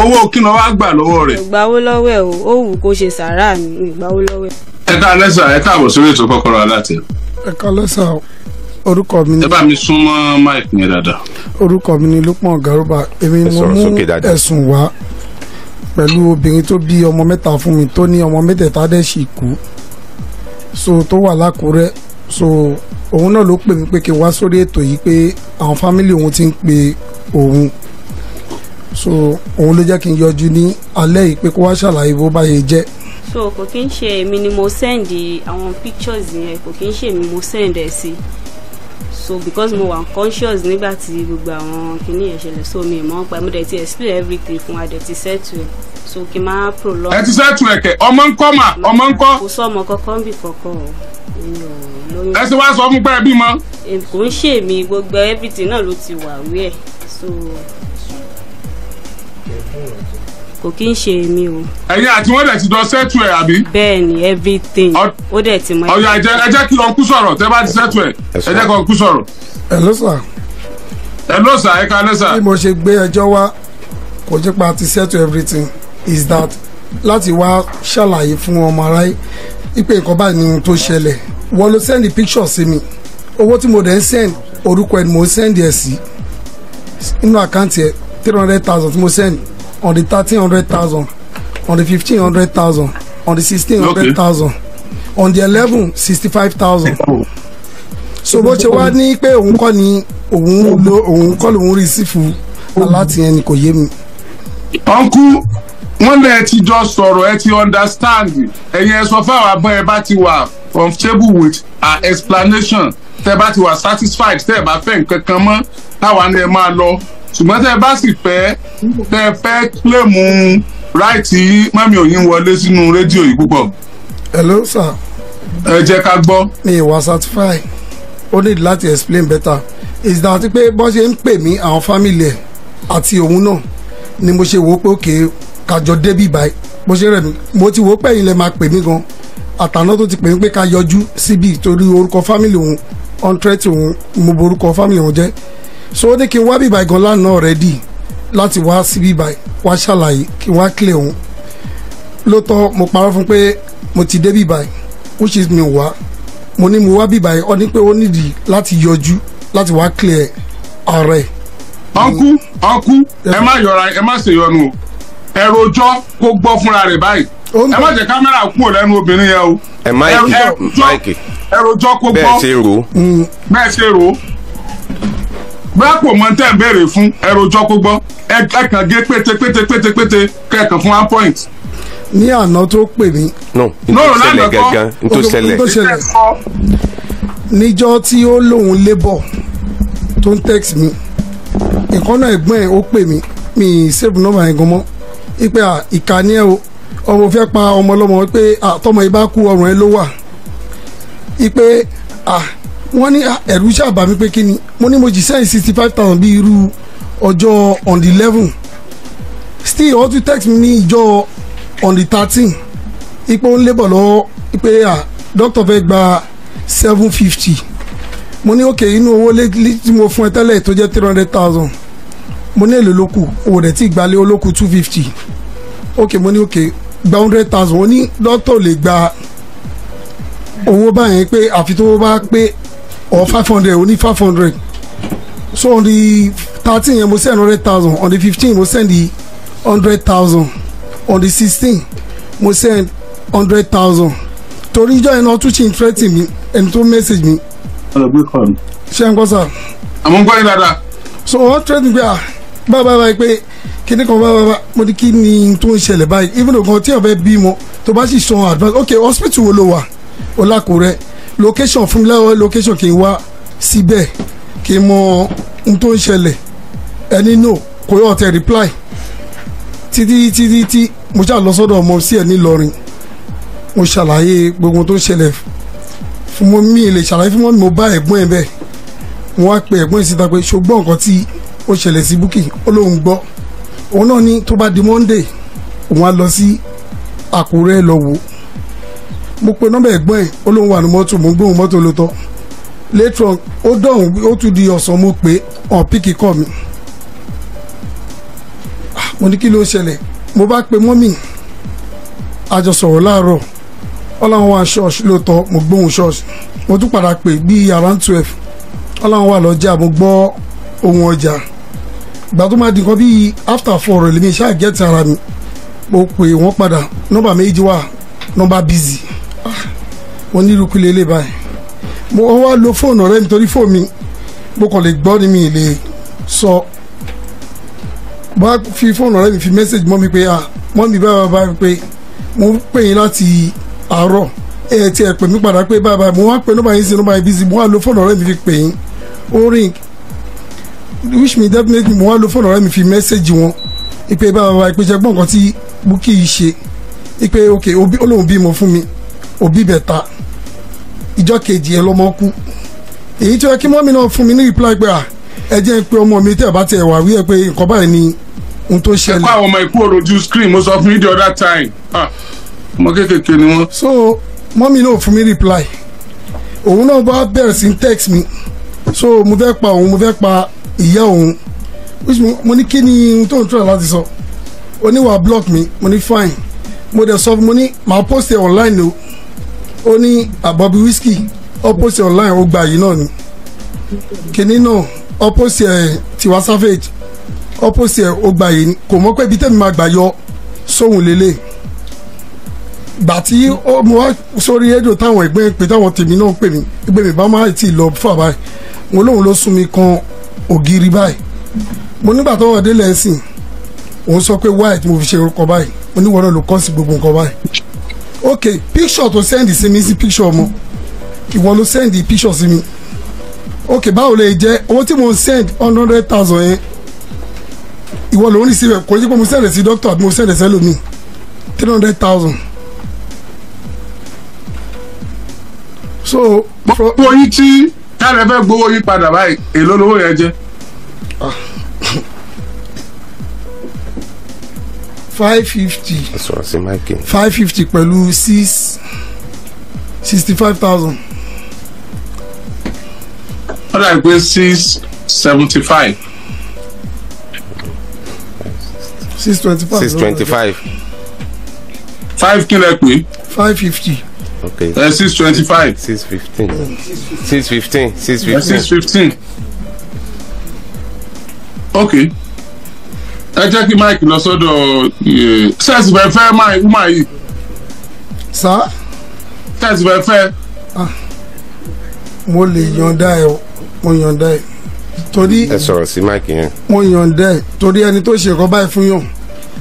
owó kí ni wọ́n á gbà lọ́wọ́ rẹ̀. ìgbàwó lọ́wọ́ ẹ̀ o ó wù kó ṣe sàárà mi ìgbàwó lọ́wọ́ ẹ̀. ẹ ká lẹ́sà ẹ káàbọ̀ sórí ètò kọ́kọ́rọ́ aláàtẹ. ẹ ká lẹ́sà orúkọ mi ni. ẹ bá mi súnmọ́ máìkì yẹn dáadáa. orúkọ mi ni Lukman Garuba èmi mo mú ẹ̀sùn wá pẹ̀lú obìnrin tó bí ọmọ mẹ́ta fún mi tó ní ọmọ mẹ́tẹ̀ẹ̀ta dẹ̀ sì kú so tó wà lákùrẹ́ so òun náà ló pè mí pé kí n wá sórí ètò yìí pé àwọn fámìlì òun ti ń pe òun so òun ló jẹ́ kí n yọjú ní alẹ́ yìí pé kó wá ṣàlàyé bó bá yẹ jẹ́ so kò kí n ṣe èmi ni mo send àwọn pictures yẹn kò kí n ṣe èmi mo send ẹ sí so because mo wà conscious nígbà tí gbogbo àwọn kìíní yẹn ṣẹlẹ̀ so mi mọ̀ pa mo dẹ̀ ti explain everything fún wa dẹ̀ ti settle so kí n máa prolong. ẹ ti settle ẹkẹ ọmọ ń kọ́ mà ọmọ ń kọ́. kò sọ ọmọ kankan bí kankan o lóyún. ẹ ti wá sọ fún pé ẹ bímọ. kò ń ṣe èmi gbogbo everything náà ló ti wà wí so kò kí n ṣe èmi o. ẹ̀yin àti wọn dẹ̀ ti dán sẹtù ẹ àbí. bẹ́ẹ̀ni everything ó dẹ̀ ti mọ. ọyọ ẹ jẹ́ ẹ jẹ́ kí lọ kú sọ̀rọ̀ tẹ́ bá ti sẹtù ẹ ẹ jẹ́ kọ kú sọ̀rọ̀. ẹ ló sà. ẹ ló sà ẹ ká ló sà. bí mo ṣe gbé ẹjọ́ wá kò jẹ́ pa ti sẹtù everything is that láti wá ṣàlàyé fún ọmọ aráyé ipe nǹkan báyìí ni tó ṣẹlẹ̀ wọ́n ló send picture sí mi owó tí mo dẹ̀ ń send orúkọ ẹ̀ ni mo send ẹ̀ sí inú àkáǹtì ẹ̀ three hundred thousand tí mo send on the thirteen hundred thousand on the fifteen hundred thousand on the sixteen hundred thousand on the eleven sixty five thousand so bó ṣe wá ní pé òun kọ́ ni òun lo òun kọ́ lòun rí sífù aláti ni kò yé mi. ọ̀nkú wọ́n lẹ̀ ti jọ sọ̀rọ̀ ẹ ti understand ẹ̀yin ẹ sọ fáwọn abọ́ ẹ bá ti wà comfortable with her explanation tẹ́ bá ti wà satisfied tẹ́ ẹ bá fẹ́ nǹkan mọ́ táwa ni ẹ máa lọ ṣùgbọ́n tẹ́ bá sì fẹ́ tẹ́ ẹ fẹ́ kílèmù ráìtì mọ́mí òyìn wọlé sínú rédíò yìí púpọ̀. hello sir. ẹ jẹ́ ká gbọ́. mi ìwà certify ó need láti explain better is that pé bọ́n ṣe ń pè mí àwọn fámìlì ẹ̀ àti òun náà ni mo ṣe wò ó pé òkè kájọ débì báyìí mo ṣe rẹ̀ mo ti wò ó pẹ̀yìn lẹ́ máa pè mí gan àtàná tó ti pè mí pé ká yọjú síbi torí orúkọ fámìlì òun ọ̀ntrẹ́tì òun mo borúkọ fámìlì òun jẹ́ so ó ní kí n wá bíbá ìgàn lánàá ọ̀rẹ́dì láti wá sí bíbá wá ṣàlàyé kí n wá clear òun lóòótọ́ mo parọ́ fún pé mo ti dé bíbá which is mi wá mo ní mo wá bíbá ọ ní pé ó nídìí láti yọjú láti wá clear ọ̀rẹ́. ọkú ọkú ẹ má yọra ẹ má ṣèyọnu o ẹ rojọ́ kó gbọ́ fúnra rẹ̀ báyìí ẹ má jẹ́ kámẹ́rà kúrò lẹ́nu obìnrin yẹn o ẹ rojọ́ kó gbọ́ mm. bẹ́ẹ̀ ṣe rò ó brapo mọ tẹ́ ń béèrè fún ẹrọjọ́ kó ẹ kàn gé pété pété pété pété kẹkàn fún one point. ní àná tó pè mí. no ntòsẹlẹ gangan ntòsẹlẹ. níjọ́ tí ó lóun labour tó ń text mi ìkọ́nà ẹ̀gbọ́n ẹ̀ ó pè mí mi save number yẹn gan mọ́ ipe ìkànnì ẹ o ọmọ fẹ́ pa ọmọ ọlọ́mọ pé àtọmọ ibà kú ọrùn ẹ ló wà ipe wọ́n ní ẹ̀rú ṣàbàmí pé kí ni mo ní mo jì sẹ́yìn sixty five thousand bí irú ọjọ́ on the eleven still wọ́n tún text mi ní ìjọ on the thirteen ipò ń lébọ̀ lọ́wọ́ pé à doctor fẹ́ gba seven fifty mo ní òkè inú owó tí mo fún ẹ tẹ́lẹ̀ tó jẹ́ three hundred thousand mo ní èlò lóku owó rẹ̀ tí ìgbàlé olóku two fifty òkè mo ní òkè gba hundred thousand ó ní doctor lè gba owó báyẹn pé àfi tó bá pé ọ̀ five hundred O ní five hundred so on the thirteen yẹn mo send hundred thousand on the fifteen mo send the hundred thousand on the sixteen mo send hundred thousand torí ìjọ yẹn náà tún ṣe ìtúrẹ́tì mi ẹni tó message mi. ọlọgbẹ kọ mi. ṣé n gbọ́ sá. àmọ́ n gbọ́ yín dáadáa. so wọ́n tẹ́tí pé ah báyìí báyìí báyìí pé kíní kan báyìí báyìí mo ní kí ni tó ń ṣẹlẹ̀ báyìí even though kan tí ọ̀bẹ bímọ tó bá sì san advance ok hospital wo ló wà Olákùrẹ́ location fún mi lẹ́wọ́ location kì í wá síbẹ̀. Si kí n mọ n tó ń ṣẹlẹ̀ ẹni no kò yọ ọ̀tẹ̀ reply títí títí tí mo ṣáà lọ sọ́dọ̀ ọmọ sí ẹ̀ nílọrin mo ṣàlàyé gbogbo tó ń ṣẹlẹ̀ fún mọ́ mi lè ṣàlàyé fún mọ́ mi mo bá ẹ̀gbọ́n ẹ̀ bẹ́ẹ̀ wọ́n á pe ẹ̀gbọ́n ẹ̀ síta pé ṣùgbọ́n nǹkan tí ó ṣẹlẹ̀ sí Bukky ó lóun gbọ́ òun náà ní tó bá di Monday òun á lọ sí Àkúrẹ́ lọ wò mo pe nọ́mbà ẹ̀gbọ́n ẹ̀ ó lóun wà ní mọ́tò mo ń gbóhùn mọ́tò lóòótọ́ later on ó dọ̀hún ó tún di ọ̀sán mo pé ọ̀n píkì kọ́ mi ah, mo ní kí ló ṣẹlẹ̀ mo bá pe mọ́mì àjọ sọ̀rọ̀ láàárọ̀ ọlọ́run wà ṣọ́ọ̀ṣì lóòótọ́ mo gbóhùn ṣọ́ọ̀ṣì mo tún padà pè bíi around twelve ọlọ́run wà lọ́jà mo gbọ́ ohun ọjà ìgbà tó máa di nǹkan bíi after four rẹ̀ lèmi ṣáà gẹ́tì ara mi mo pè wọ́n padà nọ́mbà méjì wà nọ́mbà busy ah, mo ní irú kí lélẹ̀ báyìí mo wá lo fóònù rẹ nítorí fóònù mi mo kàn lè gbọ́ ni mi lè sọ bá fi fóònù rẹ mi fi mẹ́sẹ̀gì mọ́ mi pé ah mọ́ mi bá bá pé mo pè yín láti àárọ̀ ẹ ti ẹ̀ pè mí padà pé bá bá mo wá pè nọ́mbà yín sí nọ́mbà yín bí sí mo wá lo fóònù rẹ mi fi pè yín ó rìn wish me definitely mo wá lo fóònù rẹ mi fi mẹ́sẹ̀gì wọn ìpè bá bá ìpè jẹ́ gbọ́n nǹkan tí Bukky ṣe ìpè ok olóhùn bímọ fún mi òbí bẹ̀ ta ìjọ kejì ẹ lọ́mọ kú èyí tí wọ́n kí mọ́mí náà fún mi ní reply pé à ah, ẹ jẹ́ pé ọmọ mi tẹ̀ bá tẹ̀ wà wí ẹ pé nǹkan báyìí ni ohun tó ṣẹlẹ̀. ẹ kó àwọn ọmọ ikú òròjú screen mo sọ fún yín the other time ah, ọmọ kékèké ni wọn. so mọ́mí náà fún mi reply òun náà bá bẹ̀rẹ̀ sí text mi so mo fẹ́ pa òun mo fẹ́ pa ìyá òun mo ní kí ni ohun tó ń tura láti sọ oníwà block mi mo ní fine mo dẹ̀ sọ mo ní màá post ẹ̀ online o. No ó ní àbọ̀bí ah, wíṣkì opposite online ó gba yìí náà ni kìnní náà opposite ẹ̀ eh, tiwa savage opposite ẹ̀ eh, ó gba yìí ni kò mọ̀ pé ibi tẹ́mi máa gbà yọ sóhun lélẹ̀ gbàtí ó mú wá sórí rédíò táwọn ẹgbẹ́ pé táwọn tèmi náà pè mí pé mi bá má ti lọ fà báyìí wọn lóun ló sún mi kan ògiri báyìí mo nígbà tó wà délẹ̀ ẹ̀sìn òun sọ pé white mo fi ṣe orúkọ báyìí mo ní wọ́n náà ló kọ́ sí gbogbo nǹkan báyìí ok picture to send sí mi sí picture ọmọ ìwọ ló send picture sí mi ok báwo lè jẹ owó tí mo send one hundred thousand yẹn ìwọ ló ń receive kò ní pé mo send sí doctor àbí mo send sẹ́lòmíì three hundred thousand. so. owó yín tí táwọn ẹgbẹ́ gbowó yín padà báyìí èló lówó yẹn jẹ́. ah five fifty five fifty pẹ̀lú six sixty five thousand. ó dà pé six seventy five. six twenty five. six twenty five. five kí lẹ five fifty. okay uh, six twenty five. six fifteen six fifteen six fifteen. six fifteen. okay ẹ jẹ́ kí mike lọ sọ́dọ̀ sẹ́ẹ̀sì eh, fẹ́ fẹ́ wúmà yìí. sá. sẹ́ẹ̀sì fẹ́ fẹ́. Ah, mo lè yọ̀ǹda ẹ̀ mo yọ̀ǹda ẹ̀ torí. ẹ sọ̀rọ̀ sí mike yẹn. mo yọ̀ǹda ẹ̀ torí ẹni tó ṣe ẹ̀kọ́ báyìí fún yàn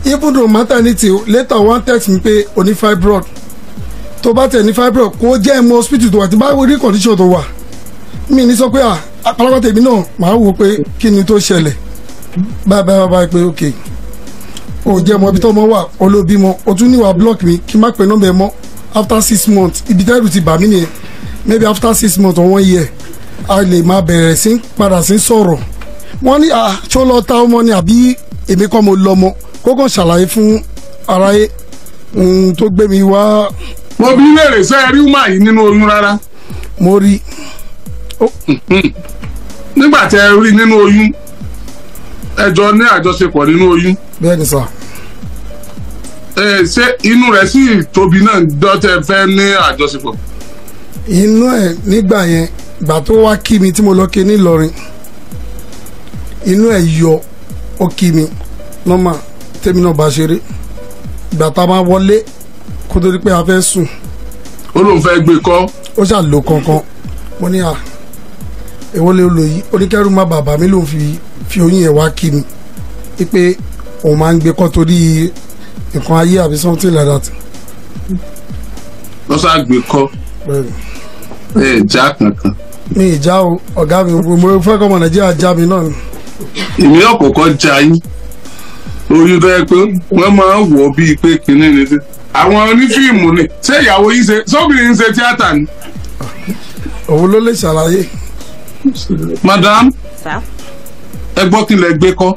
even though maternity later one text me pé o ní fibroid tó bá tẹ̀ ní fibroid kó jẹ́ ẹ̀mú hospital tó wà tí bá rí condition tó wà mí ní sọ pé ah, àpárọ̀ tèmi náà màá wò pé kí ni tó ṣẹlẹ̀ báyìí báyìí báyìí pé ok o jẹ́ mọ ibi tó mọ wà olóbímọ o tún níwà block mi kí n má pe nọ́mbà ẹ after six months ibi tẹ́rù ti bà mí nìyẹn maybe after six months or one year a lè máa bẹ̀rẹ̀ sí padà sí sọ̀rọ̀ wọ́n ní àṣọ lọ ta ọmọ ni àbí èmi kọ́ mo lọ́mọ kókò ṣàlàyé fún aráyé ohun tó gbé mi wá. mo bí léèrè sọ ẹ rí wúmà yìí nínú oyún rárá. mo rí. nígbà tí ẹ rí nínú oyún ẹ jọ ní àjọṣepọ̀ nínú oyún. bẹ́ẹ̀ni sà. ẹ ṣé inú rẹ̀ sì tóbi náà dọ́tẹ̀ fẹ́ ní àjọṣepọ̀. inú ẹ̀ nígbà yẹn ìgbà tó wá kí mi tí mo lọ kí ní Ìlọrin inú ẹ̀ yọ ó kí mi nọ́mà tèmi náà bá ṣeré ìgbà tá a máa wọlé kó tó di pé a fẹ́ sùn. ó lóun fẹ́ gbé e kọ́. ó ṣàlò kankan mo ní à èwo lè lò yìí oníkẹ́rù má bàbá mi ló fi fi oyin yẹn wá kí mi wípé òun máa ń gbé kọ́ torí nǹkan ayé àbí something like that. wọ́n ṣáà gbé kọ́ ẹ já kankan. mi ìjà o ọ̀gá mi mo fẹ́ kọ́ ọmọ nàìjíríà já mi náà. èmi náà já yín oyin tó yẹ pé wọ́n máa ń wọ̀ bíi pé kinní ni sí àwọn onífíìmù ni ṣé ìyàwó yìí ṣe sóbìnrin ṣe tíátà ni. òun ló lè ṣàlàyé madam ẹ gbọ́ kí lẹ gbé kọ́.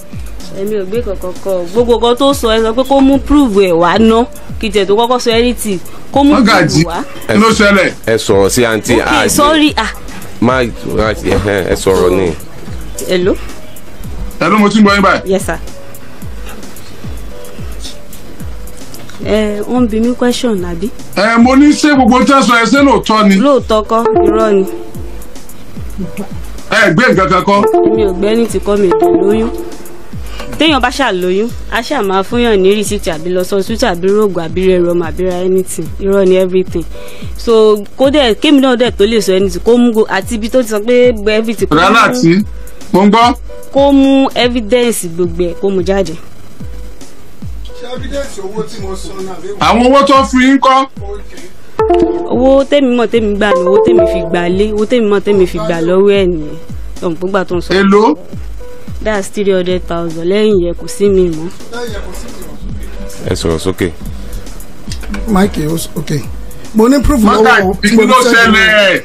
èmi ò gbé kankan kọ gbogbo kan tó sọ ẹ sọ pé kó mú prove ẹ wá ná kí jẹ tó kọ́kọ́ sọ anything kó mú prove wá. ẹ ló ṣẹlẹ̀. ẹ sọ̀rọ̀ sí àǹtí ok sorry ah. má ẹ sọ̀rọ̀ ni. hello. hello mo ti ń gbọ́ yín báyìí. yes sir. ẹ wọn bí mi question àbí. ẹ mo ní ṣé gbogbo tẹsán ẹ ṣé lóòótọ́ ni. lóòótọ́ kọ́ irọ́ ni ẹ gbé nǹkan kan kọ́. mi ò gbẹ́ni ti kọ́ mi ètò lóyún téèyàn bá ṣàlóyún a ṣáà máa fúnyàn ní rìsíìtì àbí lọ sọ sùtì àbí rògùn àbí rẹrọ ọmọ àbí ra anything irọ́ ni everything so kó dẹ̀ kémi náà dẹ̀ tó lè sọ anything kó mú go àti ibi tó ti sọ pé gbẹ everything. rárá tí mo ń gbọ́. kó mú evidence gbogbo ẹ̀ kó mú jáde. evidence owó tí mo sọ náà. àwọn owó tó fi ń kọ́ owó tèmi mọ̀ tèmi gbà ní owó tèmi fi gbà lé owó tèmi mọ̀ tèmi fi gbà lọ́wọ́ ẹ̀ nìyẹn gbogbo tó ń sọ. èlò. that's three hundred thousand lẹ́yìn yẹn kò sí mi mọ́. ẹ sọ̀rọ̀ sókè. máìkì ok mo ní proof lọ́wọ́ o tí mo ní sẹ́yìn.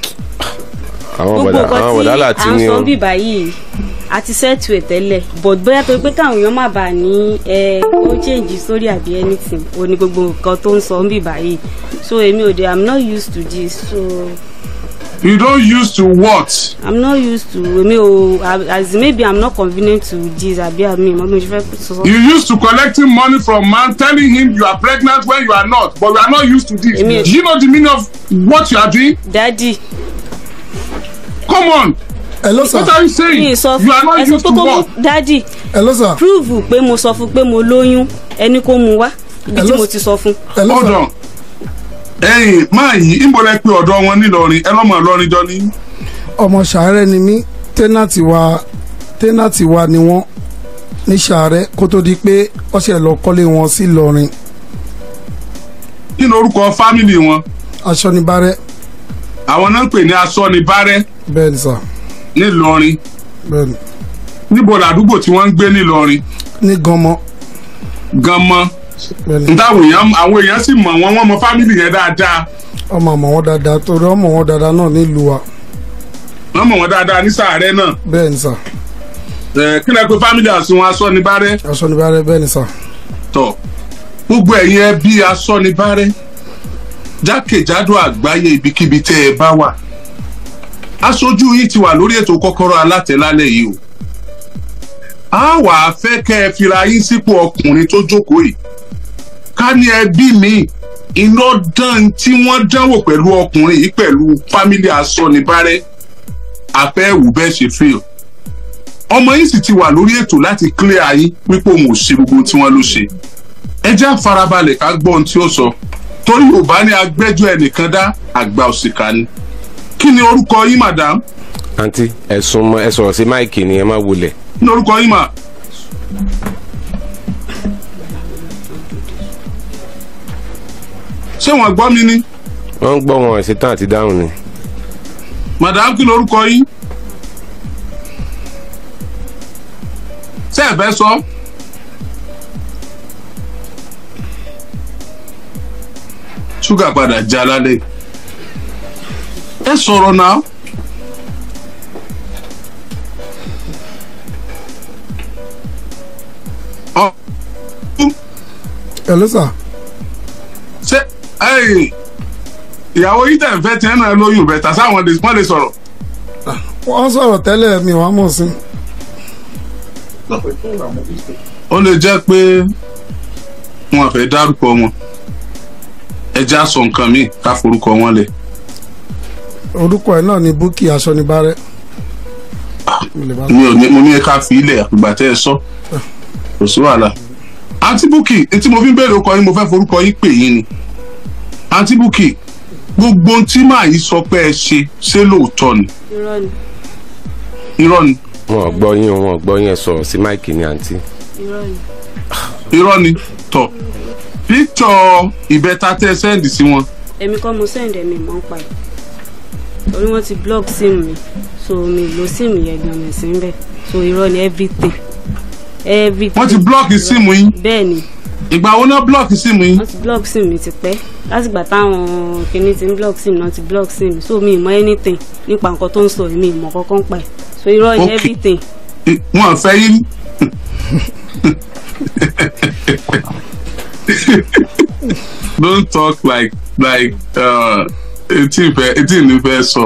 àwọn bọ̀dà àwọn bọ̀dà láti ní o. gbogbo nǹkan tí à ń sọ bíbá yìí a ti sẹ́ẹ̀tù ẹ̀ tẹ́lẹ̀ but bóyá torí pé káwọn èèyàn má bàa ní ẹ ó change sórí àbí anything o ní gbogbo nǹkan tó ń sọ ń bíbá yìí so èmi ò dé i'm not used to this so you don used to what. i'm not used to èmi o oh, as maybe i'm not convenient to this abi ami mo mi fẹ́ sọ. you used to collecting money from man telling him you are pregnant when you are not but you are not used to this. do you know the meaning of what you are doing. daddy. come on. hello sir what are you saying mi sọ fún you are not used to what. daddy. hello sir. prove pé mo sọ fún pé mo lóyún ẹni kó mu wá ibi tí mo ti sọ fún. hold on Eyin máa yí ìmọ̀lẹ́ pé ọ̀dọ́ wọn nílọrin ẹ lọ́mọ jọ ní. ọmọ ṣàárẹ̀ ni mí tẹ́nàtì wa tẹ́nàtì wa ni wọ́n ní ṣàárẹ̀ kó tó di pé ọ̀ṣẹ̀ lọ kọ́lé wọn sí lọ́rin. kí ni orúkọ fámìlì wọn. aṣọ́nibárẹ́. àwọn náà ń pè ní aṣọ́nibárẹ́. bẹ́ẹ̀ni sà. nílọrin. bẹ́ẹ̀ni. níbo làdúgbò tí wọ́n ń gbé nílọrin. ní ganmọ. ganmọ. ntáwọn èèyàn àwọn èèyàn sì mọ̀ wọn wọn mọ fámìlì yẹn dáadáa. ọmọ ọmọ wọn dáadáa torí ọmọ wọn dáadáa náà nílùú wa. wọ́n mọ̀ wọn dáadáa ní sàárẹ̀ náà. bẹ́ẹ̀ ni sà. ẹ kí lẹ pé fámìlì àsunwọ̀n asọ́nibárẹ́. asọ́nibárẹ́ bẹ́ẹ̀ ni sà. tọ gbogbo ẹ̀yin ẹbí asọ́nibárẹ́ jákèjádò àgbáyé ibikíbi tẹ́ ẹ bá wà aṣojú yìí ti wà lórí ètò kọkọrọ alátẹ̀lálẹ̀ yìí o a wàá fẹ́ kẹ́ ẹ fira yín sípò ọkùnrin tó jókòó yìí ká ní ẹbí mi iná dán tí wọ́n dánwò pẹ̀lú ọkùnrin yìí pẹ̀lú fámílì asọ́nibárẹ́ àfẹ́wù bẹ́ẹ̀ ṣe fíl ọmọ yìí sì ti wà lórí ètò láti clear ayín wípé òun ò ṣe gbogbo tí wọ́n ló ṣe ẹ jẹ́ àfarabalẹ̀ ká gbọ́ ohun tí ó sọ torí yorùbá ní agbẹ́jọ́ ẹnìkan dá àgbà òṣìkà ni kí ni orúkọ yín madam. àǹtí ẹ̀sùn ẹ sọ̀rọ̀ sí máìkì ni ẹ má wulẹ̀. kí ni orúkọ yín mà. ṣé wọ́n gbọ́ mi ni. wọ́n ń gbọ́ wọn ìṣetán àti dáhùn ni. madam kí lorúkọ yín. ṣé ẹ fẹ́ sọ. ṣúgà padà já lálẹ́ ẹ sọ̀rọ̀ náà. hello sir. ṣé ìyàwó yìí tẹ̀ ń fẹ́ tiẹ̀ náà lóyún bẹ̀tà sáwọn wọ́n lè sọ̀rọ̀. wọ́n sọ̀rọ̀ tẹ́lẹ̀ mi wọ́n mọ̀ sí. ó lè jẹ́ pé wọn fẹ́ dárúkọ wọn ẹja sọ nǹkan míì ká forúkọ wọn lẹ̀. orúkọ ẹ náà ni búkì aṣọ ni bá rẹ. mi ò ní mo ní ká fi ilẹ̀ àgbà tẹ́ ẹ sọ kò sí wàhálà àǹtí búkì etí mo fi ń béèrè ọkọ yín mo fẹ́ forúkọ yín pè yín ni. àǹtí Bukky gbogbo ohun tí màá yìí sọ pé ẹ ṣe ṣé lóòótọ́ ni. irọ́ ni. irọ́ ni. wọn ò gbọ́ yín wọn ò gbọ́ yín ẹ sọ̀rọ̀ sí máìkì ni àǹtí. irọ́ ni. tọ̀ píktọ̀ ìbẹ́ta tẹ́ sẹ́ǹdì sí wọn. èmi kọ́ mo sẹ́ǹdì ẹ̀mí mọ́ ń pa ẹ̀ torí wọ́n ti block sim mi so mi lo sim yẹn gan mi sí so irọ́ ni everything everything. wọ́n ti block sim yín. bẹ́ẹ̀ ni ìgbà wo náà blọọkì sim yín. wọ́n ti blọọkì sim mi ti pẹ́ látìgbà táwọn kìíní ti ń blọọkì sim náà ti blọọkì sim mi so mi ì anything nípa nǹkan tó ń sọ mi ì kankan pa ẹ̀ so irọ́ ni everything. wọn fẹ́ yín. don't talk like like uh, etí ìfẹ́ etí ìnífẹ́ sọ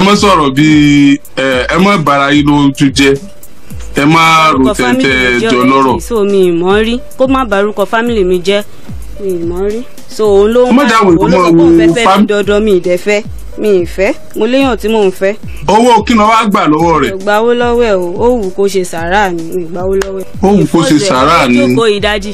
ẹ mọ sọ̀rọ̀ bíi ẹ mọ ìbára yín lójú jẹ́ ẹ má rò tẹ̀tẹ̀ jọ lọ́rọ̀. so mi ìmọ̀ rí kó má barúkọ fámìlì mi jẹ́ mi ìmọ̀ rí so òun ló ń wá òun ló sọ pé òun fẹ́ fẹ́ mi dandan mi ìdẹ́fẹ́ mi ìfẹ́ mo léyàn tí mò ń fẹ́. owó kí ni wàá gbà lọ́wọ́ rẹ̀. ìgbàwó lọ́wọ́ ẹ̀ o ó wù kó ṣe sàárà mi ìgbàwó lọ́wọ́ ẹ̀. ó wù kó ṣe sàárà mi. ìfọ́sẹ̀ ọjọ́ kó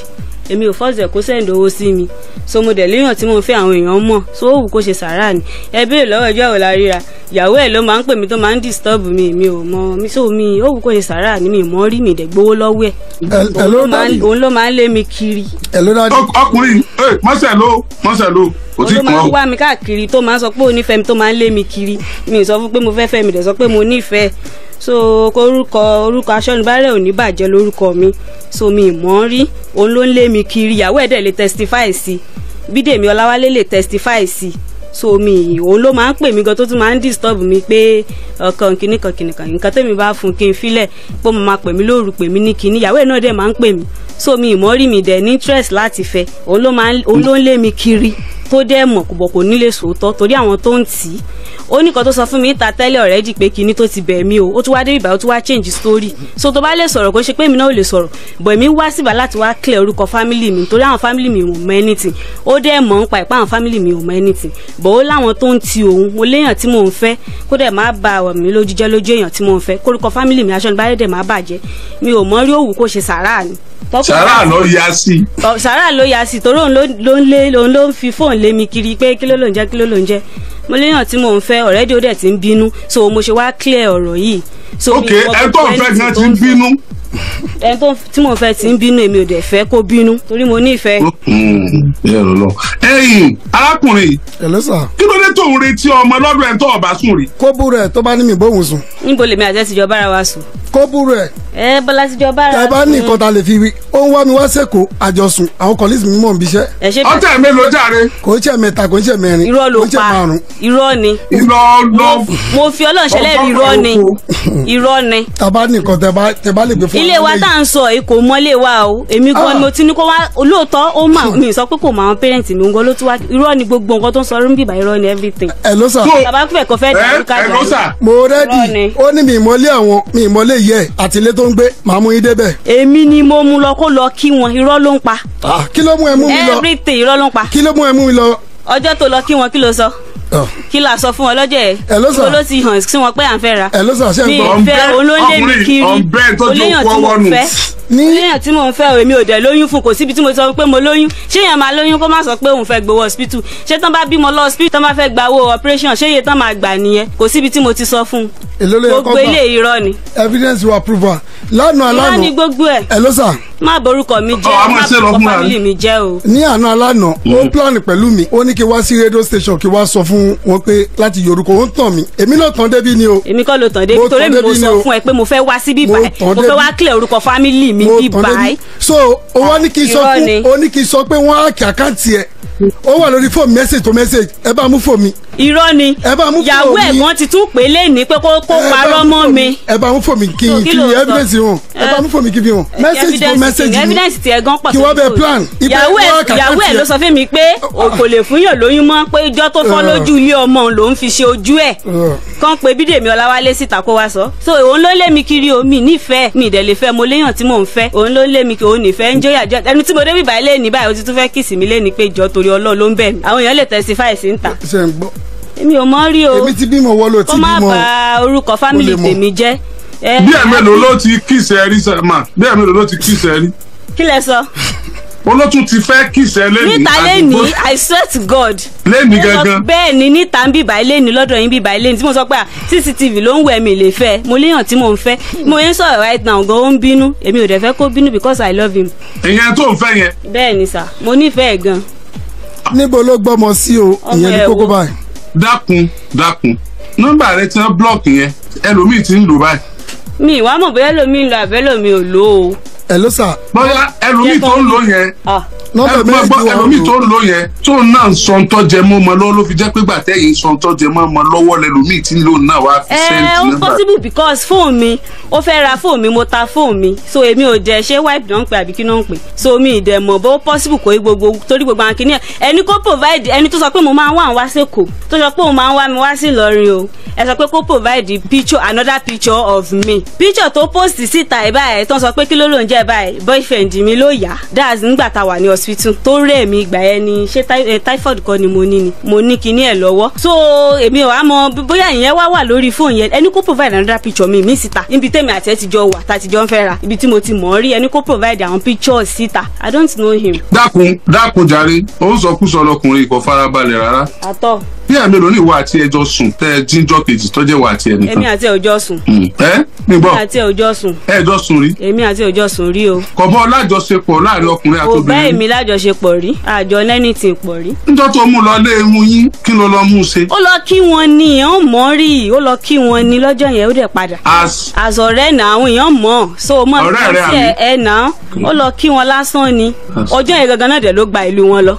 èmi ò fọ́ọ̀sì ẹ̀ kó sẹ́ǹdì owó sí mi so mo dẹ̀ léèyàn tí mo fẹ́ àwọn èèyàn mọ̀ so ó wù kó ṣe sàárà ni ẹ béèrè lọ́wọ́ ẹjọ́ ìwòlá ríra ìyàwó ẹ̀ ló máa ń pè mí tó máa ń disturb mi mi ò mọ mi so mi ó wù kó ṣe sàárà ni mi mọ́ rí mi dẹ̀ gbowó lọ́wọ́ ẹ̀ òun ló máa ń lé mi kiri. ọkùnrin mọ́sẹ̀ ló mọ́sẹ̀ ló kò tí kan o. olùmọ̀ wá mi káàkiri tó máa ń sọ pé onífẹ́ mi tó máa ń lé mi kiri mi ì sọ fún pé mo fẹ́ fẹ́ mi dẹ̀ sọ pé mo nífẹ̀ẹ́ so orúkọ orúkọ aṣọ́nibárẹ̀ ò ní bàjẹ́ lórúkọ mi so mi mọ̀ ń rí òun ló ń lé mi kiri ìyàwó ẹ̀ dẹ̀ lè testify si. bídèmí ọláwálé lè testify sí so mi òun ló máa ń pè mí gan tó tún máa ń disturb mi pé ọkàn kìíní kan kìíní kan nǹkan tẹ́mi bá fún kí n filẹ̀ pé mo máa pè mí lóru pè mí ní kìíní ìyàwó ẹ̀ náà dẹ̀ máa ń pè mí so mi ìmọ̀rí mi dẹ̀ ní interest láti fẹ́ òun ló ń lé mi kiri tó dẹ̀ mọ̀ kò bọ̀ kò nílé sòótọ́ torí àwọn tó ń tì í ó ní kan tó sọ fún mi níta tẹ́lẹ̀ already pé kinní tó ti bẹ̀ mí o ó tún wá dé ibà ó tún wá change story so tó bá lè sọ̀rọ̀ kó ṣe pé èmi náà ò lè sọ̀rọ̀ bọ̀ èmi wá síbà láti wá clear orúkọ family mi nítorí àwọn family mi ò mọ anything ó dẹ́ mọ̀ ń pa ìpá àwọn family mi ò mọ anything bọ̀ ó láwọn tó ń ti òun mo léèyàn tí mò ń fẹ́ kó dẹ̀ má ba ọ̀rọ̀ mi lójú jẹ́ lójú èèyàn tí mò ń fẹ́ kórúkọ family mi aṣọ nígbà dẹ̀ má bàjẹ́ mi ò mọ rí òwú kó ṣe ya sí. sàrà ló ya sí torí òun ló ń lé òun ló ń fi fóònù lé mi kiri pé mo léyàn tí mò ń fẹ́ already ó dẹ̀ ti ń bínú so mo ṣe wá clear ọ̀rọ̀ yìí. so ok ẹ tó ń fẹ́ gan ti ń bínú. ẹ tó tí mò ń fẹ́ ti ń bínú èmi ò dẹ̀ fẹ́ kó bínú torí mo nífẹ̀ẹ́. Oh, hmm, ẹ̀yin arákùnrin kí ló dé tó ń retí ọmọ lọ́dọ̀ ẹ̀ tó ọ̀bá sùn rí. kó búrò ẹ̀ tó bá ní mi bóun sùn. níbo lèmi àti ẹ̀ ti jọ bára wa sùn. kó búrò ẹ̀. ẹ bọ́lá ti jọ bára. tẹ bá ní nǹkan ta lè fi wí ó ń wá mi wá sẹ́kọ̀ọ́ àjọsùn àwọn kọ́lẹ́sì mọ̀ ń bíṣẹ́. ọtẹ mélòó jàre. kò ń ṣe mẹ́ta kò ń ṣe mẹ́rin kò ń ṣe márùn irọ́ ni. irọ́ lọ. mo fi ọlọ́run ṣẹlẹ́rìí irọ́ ni irọ́ ni. taba nìkan tẹ bá lè gbé fún wa. ilé wa tá à ń sọ yìí kò mọ́lé wa o èmi gan ni ah. mo ti ní kó wá olóòótọ́ ó mà mí sọ pé kò mọ àwọn pẹ́rẹ́ǹtì mi nǹkan ló tún wá irọ́ ni gbogbo nǹkan tó ń sọ orí ń bìbà irọ́ ni everything. ẹ ló sà. bàbá fẹ́ kọ́ fẹ́ eh, dàrú ká jà. mo rẹ́dì ó ní mi ìmọ̀lé àwọn mi ìmọ̀lé yẹ àti ilé tó ń gbé màá mú yín débẹ̀. èmi ni mo mú lọ kó lọ kí wọn irọ́ ló ń pa. Ah, kí ló mú ẹ mú mi lọ. everything irọ́ ló ń pa. kí ló mú ẹ mú mi lọ. ọjọ́ tó lọ kí wọn kí ló sọ. Oh. kí la sọ fún ọ lọ́jọ́ ẹ̀ kó ló ti hàn sí wọn pé à ń fẹ́ ra mi ìfẹ́ olóńdé mi kiri olóyàn tí mo fẹ́ ní. léèyàn tí mò ń fẹ́ o èmi ò dẹ̀ lóyún fún kò síbi tí mo sọ pé mo lóyún ṣé èèyàn máa lóyún kó má sọ pé òun fẹ́ gbowó hospital ṣé tán bá bímọ lọ hospital tán bá fẹ́ gba owó operation ṣé iye tán máa gbà nìyẹn kò síbi tí mo ti sọ fún un. gbogbo ilé irọ́ ni. evidence wa prove lánàá lánàá. irọ́ ni gbogbo ẹ̀. ẹ ló sà. má borúkọ mi jẹ́ má borúkọ family mi jẹ́ o. ní àná alánà ó mm. plan pẹ̀lú mi ó ní kí wá sí radio station kí wá sọ fún wọn pé láti yorùkọ ó ń tàn mí èmi ló tàn débi ni o. èmi kọ́ ló tàn débi torí mi mo sọ fún ẹ pé mo fẹ́ wá síbí báyìí mo fẹ́ wá clear orúkọ family mi mi bí báyìí. so o wá ah, ní kí sọ fún o ni kí n sọ pé wọ́n á kí àkáǹtì ẹ̀ ó wà lórí fóònù message tó message ẹ bá mú fóònù mi irọ́ ni yàwó ẹ̀gbọ́n ti tún pè lẹ́ni pé kó kó parọ́ mọ́ mi. ẹ bá mú fòmí kí n fi eh, evidence wọn ẹ bá mú fòmí kí n fi wọn message for message ni evidence ti ẹ̀gán pọ̀ sí i yàwó ẹ̀ ló sọ fún mi pé kò lè fún yàn lóyún mọ́ pé ijọ́ tó fọ́ eh. lójú ilé ọmọ òun lòún fi ṣe ojú ẹ̀ eh. kàn pé bídèmí ọláwálé síta kó wá sọ so òun ló lé mi kiri omi nífẹ̀ẹ́ mi ìdẹ̀ fẹ́ mo léyàn tí mò ń fẹ́ òun ló lé mi kiri òun nífẹ̀ẹ́ ń jóyà jọ ẹnu tí mo débi báyìí ní báyìí o ti tún fẹ́ kìsì mi lé ní pé ìjọ torí ọlọ́ọ̀ ló ń bẹ̀ mí àwọn èèyàn lè testify sí ń ta èmi ò mọ̀ rí o èmi ti bímọ wọ́n ti bímọ o kó má bà orúkọ fámìlì tèmi jẹ́. bí ẹ̀mẹ́lò ló ti kíìsẹ̀ rí sẹ́mà bí ẹ̀mẹ́lò ló ti kíìsẹ̀ rí. kí lẹ sọ. olótú ti fẹ́ kíìsẹ̀ lẹ́nu. níta lẹ́nu i swear to god. lẹ́nu gangan. bẹ́ẹ̀ ni níta ń bíbá lẹ́nu lọ́dọ̀ yín bíbá lẹ́nu tí mo sọ pé cctv ló ń wẹ̀ mí lè fẹ́ mo léèyàn tí mo ń fẹ́ mo yẹn sọ̀rọ̀ right now gan ó ń bínú èmi ò dẹ̀ fẹ́ kó bínú because i love him. ìyẹn tó ń fẹ́ yẹn. bẹ́ẹ̀ ni sà mo nífẹ̀ẹ́ gan. níbo ló gbọ́mọ sí o ìyẹn ní kókó báyìí dákun dákun nọ́mbà rẹ ti ń blọọkì yẹn ẹlòmíì ti ń lò báyìí. mi ìwà mọ̀ bóyá ẹlòmíì ń lo àbẹ́lòmíì ò lò ó. ẹ ló sà. bóyá ẹlòmíì tó ń lò yẹn ah ẹlòmíì tó lò yẹn tó náà ń sọ ntọ́jẹ ọmọ lọ́wọ́ ló fi jẹ́ pé gbàtẹ́ yìí ń sọ ntọ́jẹ ọmọ lọ́wọ́ lẹ́lòmíì tí ń náà wá fi sẹ́ǹtì nọ́mbà. ẹ possible because fóònù mi ó fẹ́ ra fóònù mi mo ta fóònù mi so èmi ò jẹ ṣé wipe náà ń pè àbí kí náà ń pè so mi ì dẹ̀ mọ̀ bó possible kò í gbogbo torí gbogbo àwọn kìnìyàn ẹni kó provide ẹni tó sọ pé mo máa ń wá wá sẹ́kọ̀ọ́ tó sọ pé mo máa ń wá mi wá sí Ìlọrin o ẹ sọ pé kó provide picture another picture of me picture tó post síta ẹ̀ báyìí tó sọ pé kí ló ló ń jẹ́ báyìí boyfriend mi ló yá that's nígbà tá a wà ní ọ hospital tó rẹ̀ mí ìgbà ni ṣé eh, typhoid kọ́ ni mo ní ni mo ní kinní ẹ̀ lọ́wọ́ so èmi ò wá mọ bóyá ìyẹn wá wà lórí fóònù yẹn ẹni kó provide another picture mi mi síta níbi tẹ́mi àti ẹ̀ ti jọ wà tá jọ ń fẹ́ ra ibi tí mo ti mọ̀ rí ẹni kó provide àwọn pictures síta I don't know him. dákun dákun jàre ó ń sọkúsọ lọkùnrin kò farabalẹ̀ rárá. àtọ bí àmì lónìí wà àti ẹjọ sùn tẹ jíjọ kejì tọjẹ wà àti ẹnìkan. èmi àti ọjọ hmm. sùn. ẹ nígbọ èmi àti ọjọ sùn. ẹ sùn rí. èmi àti ọjọ sùn rí o. kọ̀bọ́ lájọṣepọ̀ láàrin ọkùnrin àtòbìnrin. kò bá èmi lájọṣepọ̀ rí àjọ lẹ́nìtì pọ̀ rí. níjọ́ tó mú lọ lé irun yín kí ló lọ mú ṣe. ó lọ kí wọn ni èèyàn mọ̀ rí i ó lọ kí wọn ni lọ́jọ́ yẹn ó dẹ̀ padà. as ọ̀rẹ́ nà àwọn èèyàn mọ̀ so mọ̀ sí ẹ ẹ nà ó lọ kí wọn lásán ni ọjọ́ yẹn gangan náà dẹ̀ ló gba ìlú wọn lọ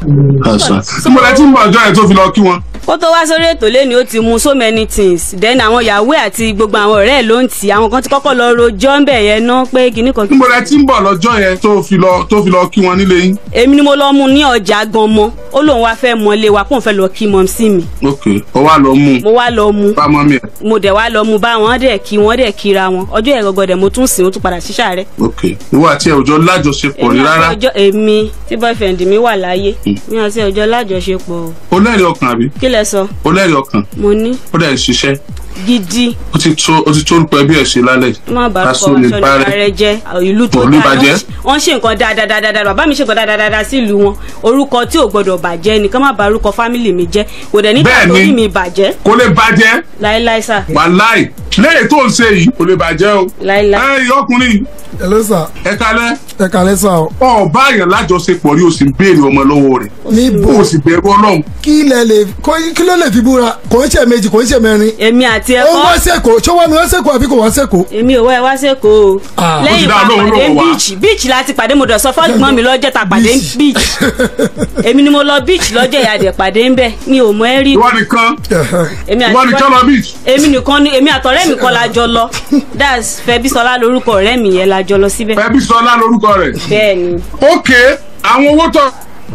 kó tó wá sórí ètò lẹ́ni ó ti mu so many things then àwọn yahoo àti gbogbo àwọn ọ̀rẹ́ ẹ̀ ló ń tì àwọn kan ti kọ́kọ́ lọ rojọ́ ń bẹ̀ yẹn ná pé kinní kan. níbo la ti ń bọ̀ lọ́jọ́ yẹn tó fi lọ tó fi lọ kí wọn nílé yín. èmi ni mo lọ mu ní ọjà gan mọ́ ó lóun wá fẹ́ mọ ilé wa kóun fẹ́ lọ kí mọ̀mísì mi. ok ó wá lọ mú. mo wá lọ mú. bá mọ́ mi. mo dẹ̀ wá lọ mú bá wọn dẹ̀ kí wọn dẹ̀ kíra wọn ọjọ́ ẹ̀ gọ́gọ́dẹ̀ mo tún sìn ó tún padà ṣíṣà rẹ̀. ok ìwọ àti ọjọ́ lájọṣepọ̀ rí rárá. èmi àti ọjọ́ èmi tí boyfriend mi wà láyé hmm. mi àti ọjọ́ lájọṣepọ̀. o lẹ́rìí ọkàn àbí. kí lẹ sọ. o lẹ́rìí ọkàn. mo ní. ó dẹ̀ ń ṣiṣẹ́ gidi. ó ti tó ó ti tó orúkọ ẹbí ẹ ṣe lálẹ́. má bàa fọ sọlùbárẹ jẹ ìlú tó dáa wọn ṣe nǹkan dáadáa bàbá mi ṣe nǹkan dáadáa sí ìlú wọn orúkọ tí ò gbọdọ̀ bàjẹ́ nìkan má bàa orúkọ fámìlì mi jẹ́ kò dẹ̀ nígbà tó rí mi bàjẹ́. bẹ́ẹ̀ni kò lè bàjẹ́. láéláé sà. wàláì lẹ́yìn tó ń ṣe yìí kò lè bàjẹ́ o. láíláí. ẹ ọkùnrin. hello sir. ẹ kalẹ. ẹ kalẹ sir o. ọ báyọ̀ lájọṣepọ̀ rí o sì ń béèrè ọmọ lọ́wọ́ rẹ̀. níbo o sì bẹ̀rù ọlọ́run. kí lẹ lè kí ló lè fi búra kò ń ṣe méjì kò ń ṣe mẹ́rin. èmi àti ẹ̀kọ́. ó wá sẹ́kọ̀ọ́ ṣé wọ́n mi wá sẹ́kọ̀ọ́ àbí kò wá sẹ́kọ̀ọ́. èmi ò wá ẹ wá sẹ́kọ̀ọ́. Ah. lẹ́yìn pàdé bíìchì bíìchì láti pàdé mo dọ̀sọ́ fọ́ọ̀gbọ́n mi lọ́jọ́ ta pàdé ni mo lọ bíìchì lọ́jọ́ ìyàdẹ̀ pàdé ń bẹ̀ mi ò mọ ẹ rí. ìwọ nìkan ìwọ nìkan lọ bíìchì. èmi àtọ̀rẹ́ mi kọ́ that's Fẹ́bísọlá lórúkọ ọ̀rẹ́ mi yẹn la jọ lọ síbẹ̀. lórúkọ rẹ̀. bẹ́ẹ̀ni. ok àwọn owó tó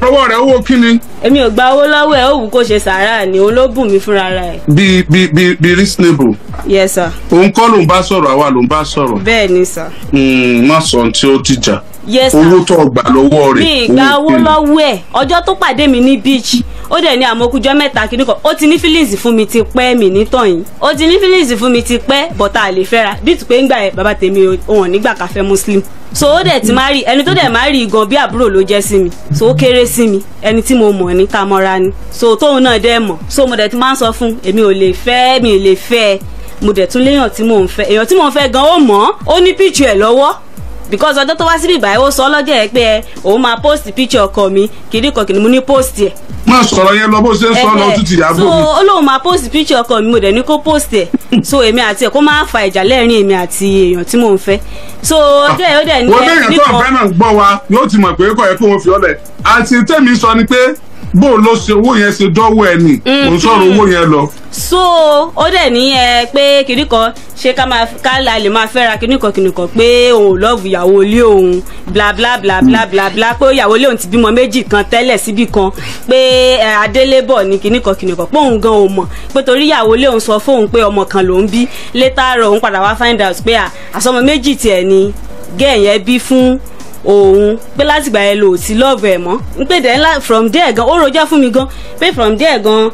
lọ́wọ́ rẹ̀ owó kí ni. èmi ò gba owó lọ́wọ́ ẹ̀ ó wù kó ṣe sàárà ni òun ló fúnra rẹ̀. bí bí bí bí reasonable. yes sir. òun kọ́ ló ń bá sọ̀rọ̀ àwa ló ń bá sọ̀rọ̀. bẹ́ẹ̀ ni sir. Hmm, má sọ ohun tí ó ti jà. yes sir owó tó gbà lọ́wọ́ rẹ̀. mi ìgbà owó lọ́wọ́ ẹ̀ ọjọ́ tó pàdé mi ní beach ó dẹ̀ ní àmọ́kújọ́ mẹ́ta kìíní kan ó ti ní feelings fún mi ti pẹ́ mi nítàn yìí ó ti ní feelings fún mi ti pẹ́ bọ́tà àlè fẹ́ra bí tùpé ń gbà ẹ̀ bàbá tèmi òun nígbà káfẹ́ muslim so ó dẹ̀ ti má rí ẹni tó dẹ̀ má rí gan bí àbúrò ló jẹ́ sí mi so ó kéré sí mi ẹni tí mo mọ̀ ní tamọ́ra ni so tóun náà dẹ̀ mọ̀ so mo dẹ̀ ti máa ń sọ fún èmi ò lè fẹ́ mi ò lè fẹ́ mo dẹ̀ tún léèyàn tí mò ń fẹ́ èèyàn tí mò ń fẹ́ gan ó mọ̀ ó ní píìtù ẹ̀ lọ́wọ́ because ọjọ́ tó wá síbí báyìí ó sọ lọ́jọ́ ẹ pé ẹ òun máa post picture ọkọ mi kìíní kan kìíní mo ní post ẹ. má sọ̀rọ̀ yẹn lọ bó ṣe ń sọ lọ eh, eh, títí ìyá bò mi. so ó lóun máa post picture ọkọ mi mo dẹ̀ ní kó post ẹ so èmi àti ẹ kó máa fa ìjà lẹ́rìn èmi àti èèyàn tí mò ń fẹ́ so ọjọ́ ẹ ó dẹ̀ ní ẹ nípa. wọ́n bẹ̀rẹ̀ tó ọ̀fẹ́ náà gbọ́ wa yóò ti mọ̀ pé kọ̀ ẹ́ kó wọn fi ọ́lẹ̀ àti tẹ́mi sọ ni pé bó ló ṣe owó yẹn ṣe dọ́wọ́ ẹ nì kò ń mm-hmm. owó yẹn lọ. so ó dẹ̀ ní ẹ pé kìnnì kan ṣé ká máa ká la lè máa fẹ́ra kìnnì kan kìnnì kan pé òun ò lọ́ọ̀bù ìyàwó ilé òun bla bla bla bla bla bla pé ìyàwó ilé òun ti bímọ méjì kan tẹ́lẹ̀ síbì kan pé adélébọ̀ ní kìnnì kan kìnnì kan pé òun gan ò mọ̀ pé torí ìyàwó ilé òun sọ fóun pé ọmọ kan lòún bí létà rọ̀ òun padà wá find out pé àsọmọ méjì tiẹ̀ ni gẹ́ẹ̀yẹn bí fún òun pé látìgbà yẹn lò sí lọ́ọ̀bù ẹ̀ mọ́ n pè dẹ́n from there gan ó rojọ́ fún mi gan pé from there gan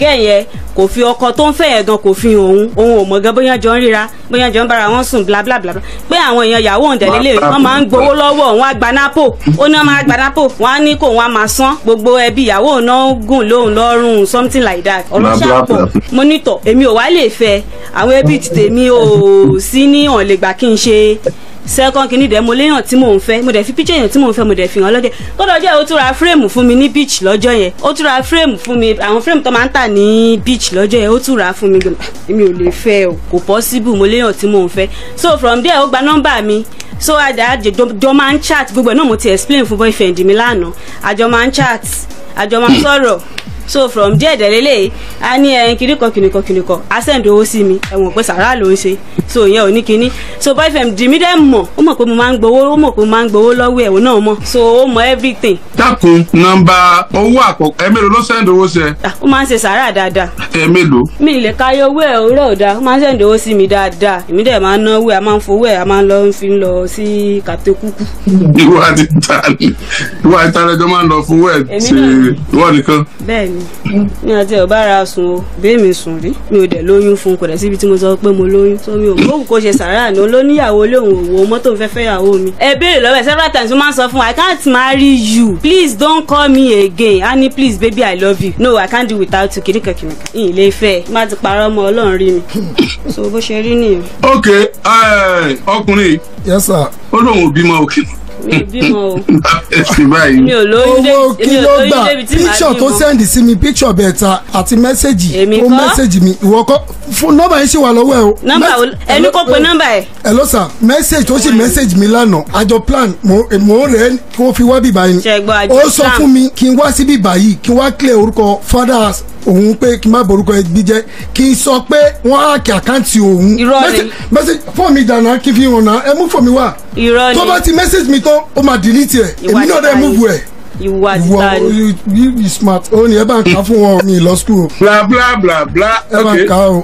gẹ́ yẹn kò fi ọkọ tó ń fẹ́ yẹn gan kò fi òun òun ò mọ̀ gan bóyá jọ ń ríra bóyá jọ ń bára wọn sùn bla bla bla pé àwọn èèyàn yàwó òǹdẹ̀lélẹ̀ wọn máa ń gbowó lọ́wọ́ òun á gba nápò ó ní wọn máa gba nápò wọn á ní kó wọn á máa san gbogbo ẹbí ìyàwó òun náà gùn lóhùn lọ́rùn something like that ọ̀rọ̀ ṣàpọ̀ mo nítọ̀ èmi ò wá lè fẹ́ àwọn ẹbí ti tèmi ò sí ní ọ̀lẹ́gbà kí n ṣe second kìíní dẹ̀ mo léyàn tí mò ń fẹ́ mo dẹ̀ fi picture èèyàn tí mò ń fẹ́ mo dẹ̀ fi hàn lọ́dẹ̀ kódà jẹ́ ó tún ra fún mi ní beach lọ́jọ́ yẹn ó tún ra fún mi àwọn frame tó máa ń tà ní beach lọ́jọ́ yẹn ó tún fún mi èmi ò lè fẹ́ o kò possible mo léyàn tí mò ń fẹ́ so from there ó gba nọ́mbà mi so àdá àjọ máa ń chat gbogbo ẹ̀ náà mo ti explain fún boyfriend mi lánàá àjọ máa ń chat àjọ máa ń sọ̀rọ̀ so from díẹ̀ dẹ̀ lélẹ̀ a ní ẹyin kìnìkan kìnìkan kìnìkan a send owó sí mi ẹ̀wọ̀n pé sàrà ló ń ṣe so ìyẹn ò ní kinní so boyfriend dìmí dẹ́ mọ̀ ó mọ̀ pé mo máa ń gbowó ó mọ̀ pé mo máa ń gbowó lọ́wọ́ ẹ̀wọ̀n náà mọ̀ so ó mọ̀ everything. dákun nọ́mbà owó àkọ́kọ́ ẹ mélòó ló send owó sí ẹ. Ah, ó máa ń ṣe sàrà dáadáa. ẹ mi ì lè káyọ owó ẹ òwúrọ̀ ò ó máa ń send owó sí mi dáadáa èmi dẹ̀ máa ń ná owó ẹ a máa ń fowó ẹ a máa ń lọ fi ń lọ sí kàtó kúkú. ìwà àti tàlẹ́ ìwà àti tàlẹ́ jọ mi mi àti ẹ̀ sùn o bẹ́ẹ̀mi sùn rí mi ò dẹ̀ lóyún fún un síbi tí mo sọ pé mo lóyún tó mi ò mọ̀ kó ṣe sàrà ni olóníyàwó lóun òwò mọ́tò fẹ́ fẹ́ mi. ẹ béèrè lọ́wọ́ ẹ several times wọ́n máa ń sọ fún I can't marry you please don't call me again honey please baby I love you no I can't do without you kìnìkan kìnìkan ìyìn lè fẹ́ má ti parọ́ ọmọ ọlọ́run rí mi so bó ṣe rí nìyẹn. ok ọkùnrin. yes sir. ó lóun ò bímọ òkè mọ́ mi ò lóyún débi tí màá bímọ picture tó send sí mi picture bẹ̀ẹ̀ta àti mẹ́sẹ̀gì ó mẹ́sẹ̀gì mi ìwọ kọ́ fún nọ́mbà yẹn ṣì wà lọ́wọ́ ẹ o. nọ́mbà ẹni kò pe nọ́mbà ẹ. ẹ ló sà mẹ́sẹ̀gì tó ṣe mẹ́sẹ̀gì mi lánàá àjọ plan mo rẹ̀ kó fi wá bíbá yín. ó sọ fún mi kí n wá sí bíbá yìí kí n wá clear orúkọ father òun pé kí n má borúkọ ẹbí jẹ kí n sọ pé wọn á kí àkáǹtì òun. irọ́ ni mẹ́sẹ̀gì fọ́ọ̀mù ìdáná kí n fi hàn náà ẹ mú fọ́ọ̀mù wá. irọ́ ni tó bá ti mẹ́sẹ̀gì mi t tán ó máa delete ẹ̀ èmi náà dẹ̀ move ẹ̀ ìwà títà smart ó ní ẹ bá ń kà fún wọn mi lọ school. bla bla bla bla ok ẹ bá ń kà o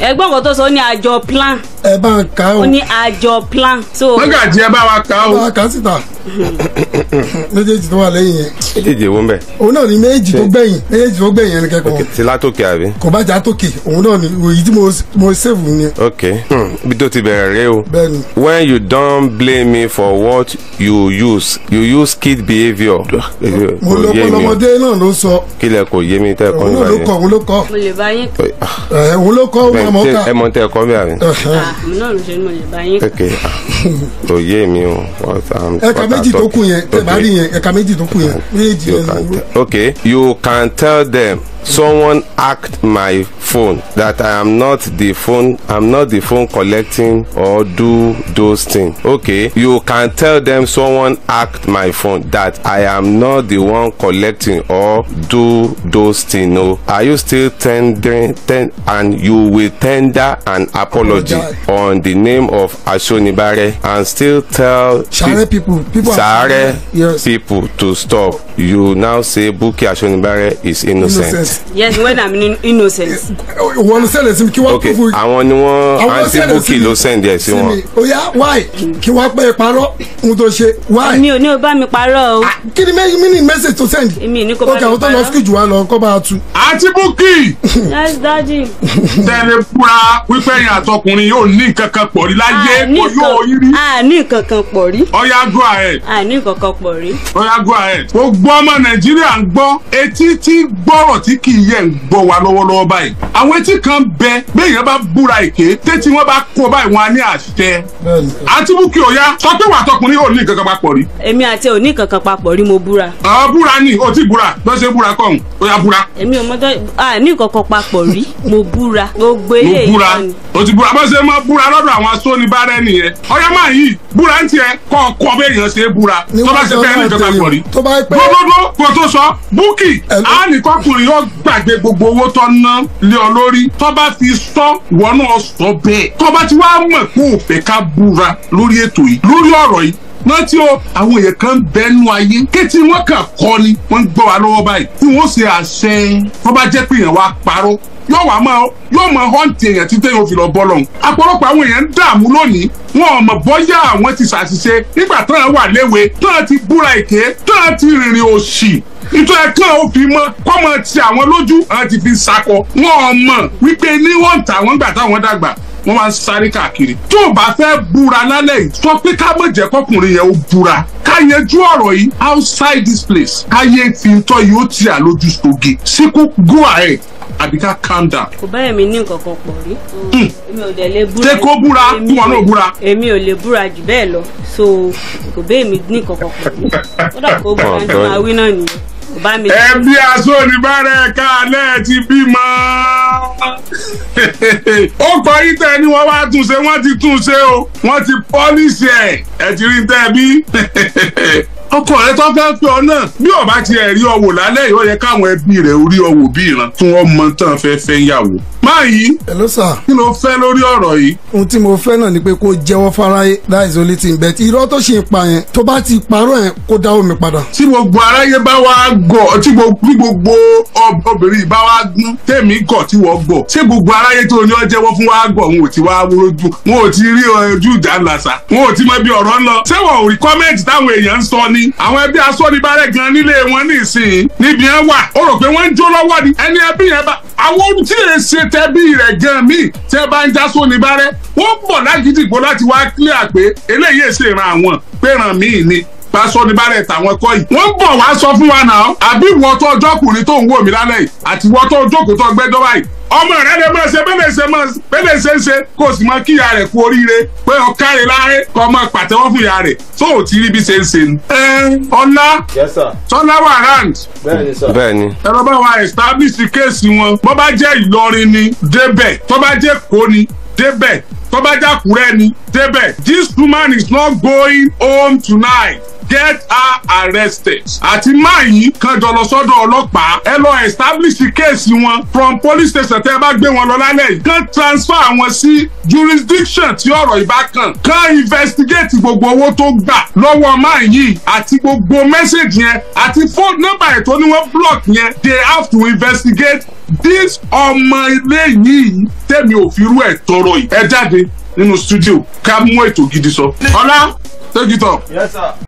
ẹgbọ́n kan tó sọ ní àjọ plan. ẹ bá ń kà o. ní àjọ plan. nígbà tí ẹ bá wa kà o. bá wa kà síta méjèèjì tó wà lẹ́yìn yẹn. méjèèjì wo ń bẹ̀. òun náà ni méjèèjì tó gbẹ̀yìn méjèèjì tó gbẹ̀yìn yẹn ni ti látòkè àbí. kò bá jà tókè òun náà ni òyì tí mo sèfù ni. ok hmm, ibi tó ti bẹ̀rẹ̀ rẹ o. bẹ́ẹ̀ni. when you don blame me for what you use you use kid behaviour. mo lọ́kọ́ lọ́mọdé náà ló sọ. kílẹ̀ kò yé mi tẹ́ kọ́ nígbà yẹn. òun ló kọ́ òun ló kọ́ ọmọ ẹ mọ tẹ ẹ kọ ah, ok ah. kò yé mi o. ẹ̀ka méjì tó kù yẹn tẹ̀ méjì tó kù yẹn. ok you can tell them someone hacked my phone that i am not the phone i'm not the phone collecting or do those things okay you can tell them someone hacked my phone that i am not the one collecting or do those things no. are you still tendering ten and you will tender an apology oh on the name of asonibare and still tell sare people people sare yes. people to stop you now say buki asonibare is innocent. innocent yes when i'm innocent. wọn sẹ́lẹ̀ sí mi kí wọ́n tó fún mi. àwọn ni wọ́n àǹtí búkì ló sẹ́ndì ẹ̀ sí wọn. oya why kí wọ́n pẹ́ parọ́ ohun tó ṣe why. mi ò ní o bá mi parọ́ o. Ah, kí ni mi ni message to send. èmi ní kò bá mi parọ́. ok àwọn tó lọ sí jù wá lọ kọ́ bá a tu. àǹtí búkì. yes daddy. tẹ̀lé fúra wípé ẹ̀yìn àtọkùnrin yóò ní nǹkan kan pọ̀ rí láyé ah, kò yóò yí rí. a ah, ní nǹkan kan pọ̀ rí. ọ̀yá gùn àẹ̀. a nǹkan kan pọ̀ rí. ọ̀yá gùn àẹ̀. gbogbo ọmọ nàìjíríà ń gbọ́ etí tí gbọ́rọ̀ tí kì í yẹ ń gbọ́ wa lọ́wọ́lọ́wọ́ báyìí. àwọn etí kan bẹ béèyàn bá búra èké tẹ́tí wọ́n bá kó báyìí wọn á ní àṣẹ. àti Bukky Oya sọ pé wàá tọkùnrin ò ní nǹkan kan papọ̀ rí. èmi àti ò ní nǹkan kan papọ̀ rí mo búra. ọ̀ búra ni o ti búra bó ṣe búra kọ́ ó yá búra. èmi ò mọ́tọ́ à ní nǹkan kan papọ̀ rí mo búra gbogbo eléyìí. mo búra o ti búra bó ṣe mọ́ búra lọ́dọ̀ àwọn sóni bá rẹ́ nìyẹn. ọyá máa yí búra ń tiẹ̀ kọ́ ọkọ béèyàn ṣe búra tó bá ṣe fẹ́ẹ́ nìkan papọ̀ rí. tó bá pẹ́ gbogbo kò tó sọ Bukky á nìkọ́kùnrin yóò gbàgbé gbogbo owó tó ná lé ọ lórí tó bá fi sọ ìwọ náà sọ bẹ́ẹ̀ tó bá ti wá mọ̀ pé òfẹ́ ká búra lórí ètò yìí lórí ọ̀rọ̀ yìí rántí o àwọn èèyàn kan bẹnu ayé kétí wọn kàn kọ ni wọn ń gbọ́ wa lọ́wọ́ báyìí tí wọn ó ṣe àṣẹ tó bá jẹ́ pé èèyàn wa parọ́ yóò wá máa yóò máa họ́ǹtì èèyàn títẹ́ yóò fi lọ bọ́ lọ́hùn. àpọ̀lọpọ̀ àwọn èèyàn ń dààmú lónìí wọn ò mọ̀ bọ́yá àwọn ti ṣàṣìṣe nígbà tán wà léwe tán ti búra èké tán ti rìnrìn òṣì ìtọ́ ẹ kàn fi mọ kọ́mọ ti àwọn lójú àwọn ti fi sakọ wọn ò mọ̀ wípé ní wọ́n ń ta àwọn gbà táwọn dàgbà wọ́n máa ń sáré káàkiri. tó o bá fẹ́ búra lálẹ́ yìí sọ pé ká má jẹ́ kọkùnrin yẹn ó búra ká yanjú ọ̀rọ̀ yìí outside this place káyé fi ń tọ́ yìí ó ti àlójú sóge síkú go ahead àbí ká calm down. kò bá èmi ní nǹkan kan pọ̀ rí. Hmm. èmi ò dẹ̀ lè búra. ṣé kó búra kí wọn náà búra. èmi ò lè búra jù bẹ́ẹ̀ lọ so kò bá èmi ní nǹkan kan pọ̀ rí. kódà kó búra ní oh, máa wí náà nìyẹn ẹbí asónibára ẹ̀ka alẹ́ ti bímọ. ó kọ ìtẹ́ ni wọ́n wá túnṣe wọ́n ti túnṣe o wọ́n ti pọ́líṣì ẹ̀ ẹ̀ ti rí tẹ́ bí ọkọ rẹ tó fẹ́ pé ọ náà bí ọba ti ẹ̀ rí ọwọ́ lálẹ́ yìí ó yẹ káwọn ẹbí rẹ̀ orí ọwọ́ bí ìran fún ọmọ tán fẹ́ fẹ́ yàwó. máa yí. hello sir. kí ló fẹ́ lórí ọ̀rọ̀ yìí. ohun tí mo fẹ́ náà ni pé kó jẹ́wọ́ fáráyé that is only thing but irọ́ tó ṣe pa yẹn tó bá ti parọ́ yẹn kó dá omi padà. tí gbogbo aráyé bá wá gọ̀ tí gbogbo obìnrin bá wá gún tèmi gọ̀ tí wọ́n gọ̀ ṣé gbogbo aráyé tó ní ọ fún wa gọ̀ wọn ò ti wá rojú wọn ò ti rí ojú ìjà ńlá sa wọn ò ti mọ ibi ọ̀rọ̀ ń lọ ṣé wọn ò táwọn èèyàn ń sọ ni rí àwọn ẹbí asọ́nibárẹ̀ gan nílé wọn nísìnyí níbi yẹn wà ó rò pé wọ́n ń jó lọ́wọ́ ni ẹni ẹbí yẹn bá àwọn tí è ṣe tẹbí rẹ̀ gan míì tẹ́ bá ń já sọ́nibárẹ̀ wọ́n bọ̀ lágídìgbò láti wá clear pé eléyìí èsè ràn àwọn pé ràn míì ni pásọ ní tàwọn ẹ̀kọ́ yìí. wọ́n bọ̀ wá sọ fún wa náà àbí wọ́n tó ọjọ́kùnrin tó ń wò mí lálẹ́ yìí àti wọ́n tó ojókòó tó gbẹ́jọ́ báyìí ọmọ rẹ lè máa ṣe bẹ́ẹ̀ ṣe máa bẹ́ẹ̀ ṣe ń ṣe kó o sì máa kíyà rẹ̀ kú oríire pé ọ̀káre láre kó o pàtẹ́wọ́ fún ìyá rẹ̀ tó o ti rí bí ṣe ń ṣe ni. ọlá tọ́lá wà round. bẹ́ẹ̀ni. ẹ lọ bá wa establish case wọn bó bá jẹ́ Ìlọrin ni débẹ̀ tó bá jẹ́ Èkó ni débẹ̀ tó bá jẹ́ Àkúrẹ́ ni débẹ̀ this woman is not going home tonight get her arrested. àti máyì kanjọ lọ sọ́dọ̀ ọlọ́pàá ẹ lọ establish case wọn from police station tẹ́ ẹ bá gbé wọn lọ lálẹ́ yìí kan transfer wọn sí jurisdiction tí ọ̀rọ̀ ìbákan kan investigate gbogbo owó tó gbà lọ́wọ́ máyì àti gbogbo message yẹn àti phone number ẹ̀ tó ní wọ́n block yẹn they have to investigate this ọmọ ilé yìí tẹ̀mí ò fi irú ẹ̀ tọrọ yìí ẹ jáde nínú studio ká mú ètò gidi sọ. ọlá take it up. yes sir.